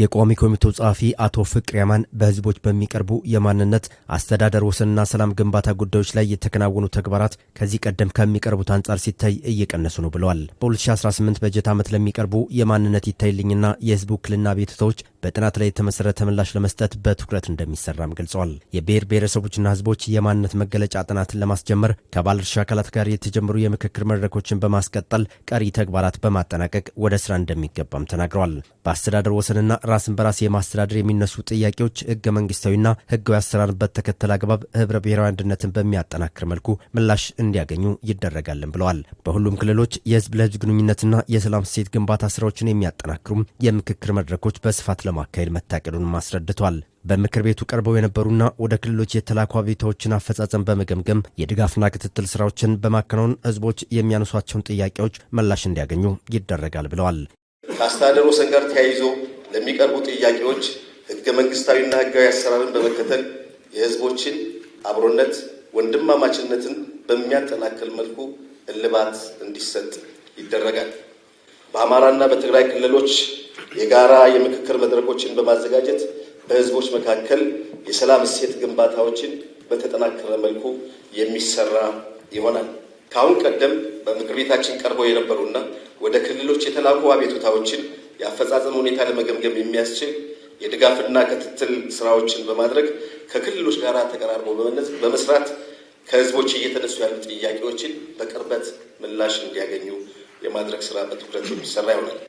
የቋሚ ኮሚቴው ጸሐፊ አቶ ፍቅር ያማን በህዝቦች በሚቀርቡ የማንነት አስተዳደር፣ ወሰንና ሰላም ግንባታ ጉዳዮች ላይ የተከናወኑ ተግባራት ከዚህ ቀደም ከሚቀርቡት አንጻር ሲታይ እየቀነሱ ነው ብለዋል። በ2018 በጀት ዓመት ለሚቀርቡ የማንነት ይታይልኝና የህዝብ ውክልና ቤትታዎች በጥናት ላይ የተመሰረተ ምላሽ ለመስጠት በትኩረት እንደሚሰራም ገልጸዋል። የብሔር ብሔረሰቦችና ህዝቦች የማንነት መገለጫ ጥናትን ለማስጀመር ከባለድርሻ አካላት ጋር የተጀመሩ የምክክር መድረኮችን በማስቀጠል ቀሪ ተግባራት በማጠናቀቅ ወደ ስራ እንደሚገባም ተናግረዋል። በአስተዳደር ወሰንና ራስን በራስ የማስተዳደር የሚነሱ ጥያቄዎች ህገ መንግስታዊና ህጋዊ አሰራርን በተከተለ አግባብ ህብረ ብሔራዊ አንድነትን በሚያጠናክር መልኩ ምላሽ እንዲያገኙ ይደረጋልን ብለዋል። በሁሉም ክልሎች የህዝብ ለህዝብ ግንኙነትና የሰላም ሴት ግንባታ ስራዎችን የሚያጠናክሩም የምክክር መድረኮች በስፋት ለማካሄድ መታቀዱንም አስረድቷል። በምክር ቤቱ ቀርበው የነበሩና ወደ ክልሎች የተላኩ አቤቱታዎችን አፈጻጸም በመገምገም የድጋፍና ክትትል ስራዎችን በማከናወን ህዝቦች የሚያነሷቸውን ጥያቄዎች ምላሽ እንዲያገኙ ይደረጋል ብለዋል። ከአስተዳደር ወሰን ጋር ተያይዞ ለሚቀርቡ ጥያቄዎች ህገ መንግስታዊና ህጋዊ አሰራርን በመከተል የህዝቦችን አብሮነት ወንድማማችነትን በሚያጠናክል መልኩ እልባት እንዲሰጥ ይደረጋል። በአማራና በትግራይ ክልሎች የጋራ የምክክር መድረኮችን በማዘጋጀት በህዝቦች መካከል የሰላም እሴት ግንባታዎችን በተጠናከረ መልኩ የሚሰራ ይሆናል። ከአሁን ቀደም በምክር ቤታችን ቀርበው የነበሩና ወደ ክልሎች የተላኩ አቤቱታዎችን የአፈጻጸም ሁኔታ ለመገምገም የሚያስችል የድጋፍና ክትትል ስራዎችን በማድረግ ከክልሎች ጋር ተቀራርቦ በመስራት ከህዝቦች እየተነሱ ያሉ ጥያቄዎችን በቅርበት ምላሽ እንዲያገኙ የማድረግ ስራ በትኩረት የሚሰራ ይሆናል።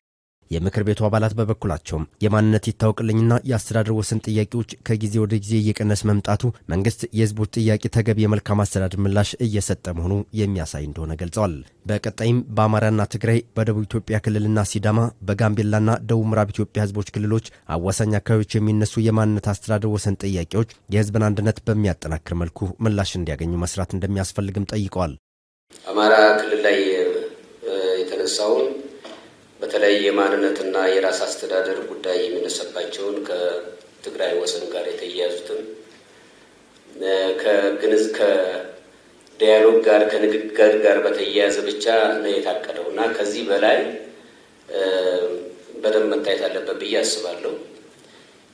የምክር ቤቱ አባላት በበኩላቸው የማንነት ይታወቅልኝና የአስተዳደር ወሰን ጥያቄዎች ከጊዜ ወደ ጊዜ እየቀነስ መምጣቱ መንግስት የህዝቦች ጥያቄ ተገቢ የመልካም አስተዳደር ምላሽ እየሰጠ መሆኑ የሚያሳይ እንደሆነ ገልጸዋል። በቀጣይም በአማራና ትግራይ፣ በደቡብ ኢትዮጵያ ክልልና ሲዳማ፣ በጋምቤላና ደቡብ ምዕራብ ኢትዮጵያ ህዝቦች ክልሎች አዋሳኝ አካባቢዎች የሚነሱ የማንነት አስተዳደር ወሰን ጥያቄዎች የህዝብን አንድነት በሚያጠናክር መልኩ ምላሽ እንዲያገኙ መስራት እንደሚያስፈልግም ጠይቀዋል። አማራ ክልል ላይ የተነሳውን በተለይ የማንነትና የራስ አስተዳደር ጉዳይ የሚነሳባቸውን ከትግራይ ወሰን ጋር የተያያዙትን ከግንዝ ከዲያሎግ ጋር ከንግግር ጋር በተያያዘ ብቻ ነው የታቀደው እና ከዚህ በላይ በደንብ መታየት አለበት ብዬ አስባለሁ።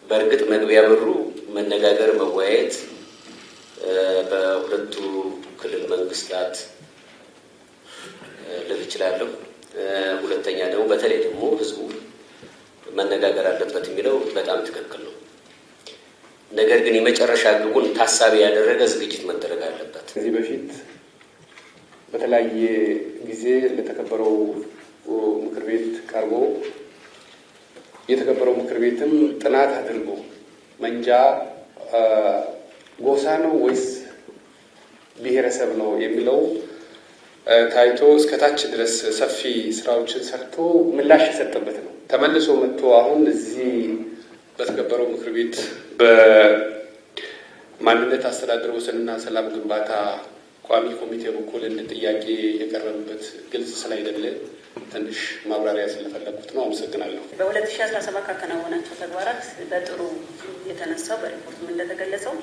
በእርግጥ መግቢያ በሩ መነጋገር፣ መወያየት በሁለቱ ክልል መንግስታት ልል እችላለሁ። ሁለተኛ ደግሞ በተለይ ደግሞ ህዝቡ መነጋገር አለበት የሚለው በጣም ትክክል ነው። ነገር ግን የመጨረሻ ግቡን ታሳቢ ያደረገ ዝግጅት መደረግ አለበት። ከዚህ በፊት በተለያየ ጊዜ ለተከበረው ምክር ቤት ቀርቦ የተከበረው ምክር ቤትም ጥናት አድርጎ መንጃ ጎሳ ነው ወይስ ብሔረሰብ ነው የሚለው ታይቶ እስከታች ድረስ ሰፊ ስራዎችን ሰርቶ ምላሽ የሰጠበት ነው። ተመልሶ መጥቶ አሁን እዚህ በተከበረው ምክር ቤት በማንነት አስተዳደር ወሰንና ሰላም ግንባታ ቋሚ ኮሚቴ በኩል እንደ ጥያቄ የቀረበበት ግልጽ ስላይደለ ትንሽ ማብራሪያ ስለፈለግኩት ነው። አመሰግናለሁ። በ2017 ካከናወናቸው ተግባራት በጥሩ የተነሳው በሪፖርቱም እንደተገለጸው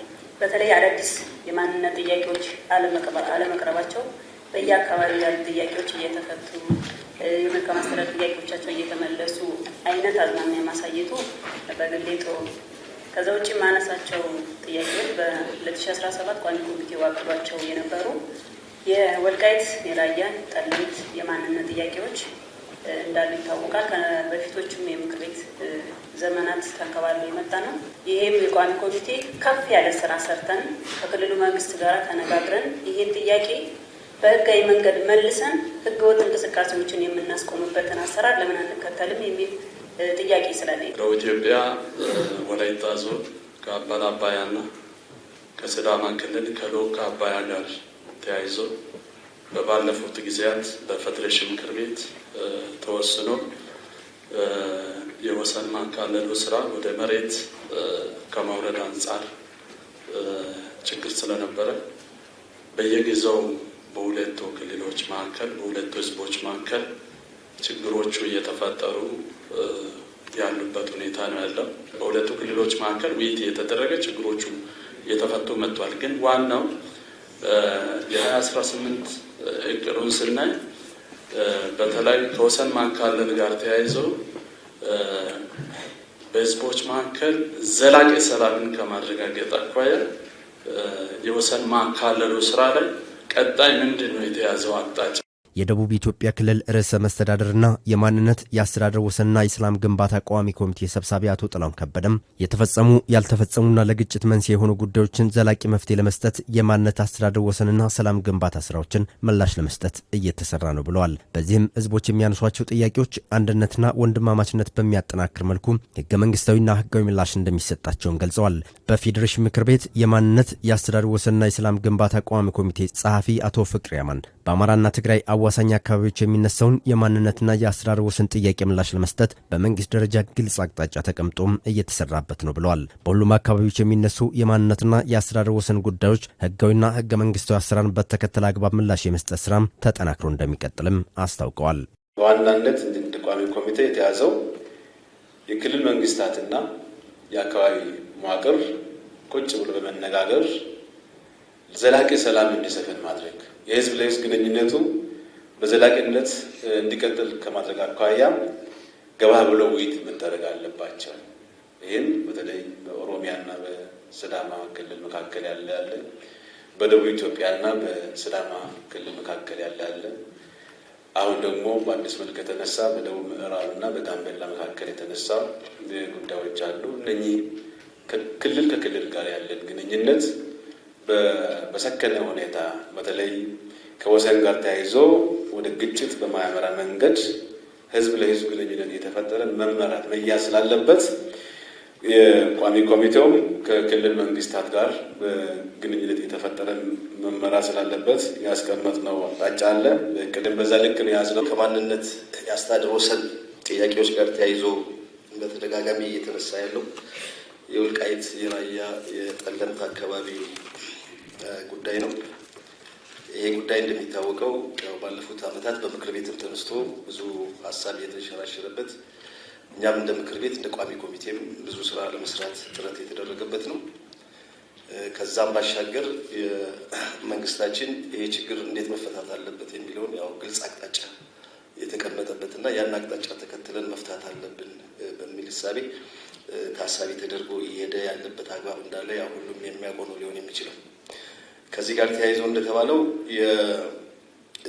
በተለይ አዳዲስ የማንነት ጥያቄዎች አለመቅረባቸው በየአካባቢው ያሉ ጥያቄዎች እየተፈቱ የመልካም አስተዳደር ጥያቄዎቻቸው እየተመለሱ አይነት አዝማሚያ ማሳየቱ በግሌ ጥሩ ነው። ከዛ ውጭ ማነሳቸው ጥያቄዎች በ2017 ቋሚ ኮሚቴ ዋቅሏቸው የነበሩ የወልቃይት የራያን፣ ጠለምት የማንነት ጥያቄዎች እንዳሉ ይታወቃል። በፊቶቹም የምክር ቤት ዘመናት ተንከባሎ የመጣ ነው። ይህም የቋሚ ኮሚቴ ከፍ ያለ ስራ ሰርተን ከክልሉ መንግስት ጋር ተነጋግረን ይህን ጥያቄ በህጋዊ መንገድ መልሰን ህገወጥ እንቅስቃሴዎችን የምናስቆምበትን አሰራር ለምን አንከተልም የሚል ጥያቄ ስላለ በኢትዮጵያ ወላይታ ዞን ከአባል አባያና ከስዳማ ክልል ከሎክ አባያ ጋር ተያይዞ በባለፉት ጊዜያት በፌዴሬሽን ምክር ቤት ተወስኖ የወሰን ማካለሉ ስራ ወደ መሬት ከማውረድ አንጻር ችግር ስለነበረ በየጊዜው በሁለቱ ክልሎች መካከል በሁለቱ ህዝቦች መካከል ችግሮቹ እየተፈጠሩ ያሉበት ሁኔታ ነው ያለው። በሁለቱ ክልሎች መካከል ውይይት እየተደረገ ችግሮቹ እየተፈቱ መጥቷል። ግን ዋናው የ ስምንት እቅዱን ስናይ በተለይ ከወሰን ማካለል ጋር ተያይዘው በህዝቦች መካከል ዘላቂ ሰላምን ከማረጋገጥ አኳያ የወሰን ማካለሉ ስራ ላይ ቀጣይ ምንድን ነው የተያዘው አቅጣጫ? የደቡብ ኢትዮጵያ ክልል ርዕሰ መስተዳደርና የማንነት የአስተዳደር ወሰንና የሰላም ግንባታ ቋሚ ኮሚቴ ሰብሳቢ አቶ ጥላሁን ከበደም የተፈጸሙ ያልተፈጸሙና ለግጭት መንስኤ የሆኑ ጉዳዮችን ዘላቂ መፍትሄ ለመስጠት የማንነት አስተዳደር ወሰንና ሰላም ግንባታ ስራዎችን ምላሽ ለመስጠት እየተሰራ ነው ብለዋል። በዚህም ህዝቦች የሚያነሷቸው ጥያቄዎች አንድነትና ወንድማማችነት በሚያጠናክር መልኩ ህገ መንግስታዊና ህጋዊ ምላሽ እንደሚሰጣቸውን ገልጸዋል። በፌዴሬሽን ምክር ቤት የማንነት የአስተዳደር ወሰንና የሰላም ግንባታ ቋሚ ኮሚቴ ጸሐፊ አቶ ፍቅሪ ያማን በአማራና ትግራይ አዋ በአዋሳኝ አካባቢዎች የሚነሳውን የማንነትና የአስራር ወሰን ጥያቄ ምላሽ ለመስጠት በመንግስት ደረጃ ግልጽ አቅጣጫ ተቀምጦም እየተሰራበት ነው ብለዋል። በሁሉም አካባቢዎች የሚነሱ የማንነትና የአስራር ወሰን ጉዳዮች ህጋዊና ህገ መንግስታዊ አሰራርን በተከተለ አግባብ ምላሽ የመስጠት ስራም ተጠናክሮ እንደሚቀጥልም አስታውቀዋል። በዋናነት እንደ ቋሚ ኮሚቴ የተያዘው የክልል መንግስታትና የአካባቢ መዋቅር ቁጭ ብሎ በመነጋገር ዘላቂ ሰላም እንዲሰፍን ማድረግ የህዝብ ለህዝብ ግንኙነቱ በዘላቂነት እንዲቀጥል ከማድረግ አኳያ ገባ ብሎ ውይይት መደረግ አለባቸው። ይህም በተለይ በኦሮሚያና በስዳማ ክልል መካከል ያለ ያለ በደቡብ ኢትዮጵያና በስዳማ ክልል መካከል ያለ ያለ አሁን ደግሞ በአዲስ መልክ የተነሳ በደቡብ ምዕራብና በጋምቤላ መካከል የተነሳ ጉዳዮች አሉ። እነኚህ ክልል ከክልል ጋር ያለን ግንኙነት በሰከነ ሁኔታ በተለይ ከወሰን ጋር ተያይዞ ወደ ግጭት በማያመራ መንገድ ህዝብ ለህዝብ ግንኙነት የተፈጠረ መመራት መያዝ ስላለበት የቋሚ ኮሚቴውም ከክልል መንግስታት ጋር በግንኙነት የተፈጠረ መመራ ስላለበት ያስቀመጥነው አቅጣጫ አለ። ቅድም በዛ ልክ ነው የያዝነው። ከማንነት የአስተዳደር ወሰን ጥያቄዎች ጋር ተያይዞ በተደጋጋሚ እየተነሳ ያለው የወልቃይት የራያ የጠለምት አካባቢ ጉዳይ ነው። ይሄ ጉዳይ እንደሚታወቀው ያው ባለፉት ዓመታት በምክር ቤትም ተነስቶ ብዙ ሀሳብ የተንሸራሸረበት እኛም እንደ ምክር ቤት እንደ ቋሚ ኮሚቴም ብዙ ስራ ለመስራት ጥረት የተደረገበት ነው። ከዛም ባሻገር መንግስታችን ይሄ ችግር እንዴት መፈታት አለበት የሚለውን ያው ግልጽ አቅጣጫ የተቀመጠበት እና ያን አቅጣጫ ተከትለን መፍታት አለብን በሚል እሳቤ ታሳቢ ተደርጎ እየሄደ ያለበት አግባብ እንዳለ ያው ሁሉም የሚያውቀው ነው ሊሆን የሚችለው ከዚህ ጋር ተያይዞ እንደተባለው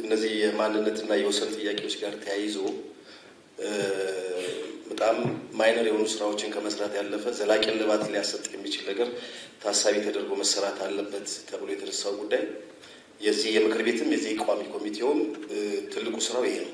እነዚህ የማንነትና የወሰን ጥያቄዎች ጋር ተያይዞ በጣም ማይነር የሆኑ ስራዎችን ከመስራት ያለፈ ዘላቂ ልባት ሊያሰጥ የሚችል ነገር ታሳቢ ተደርጎ መሰራት አለበት ተብሎ የተነሳው ጉዳይ የዚህ የምክር ቤትም የዚህ ቋሚ ኮሚቴውም ትልቁ ስራው ይሄ ነው።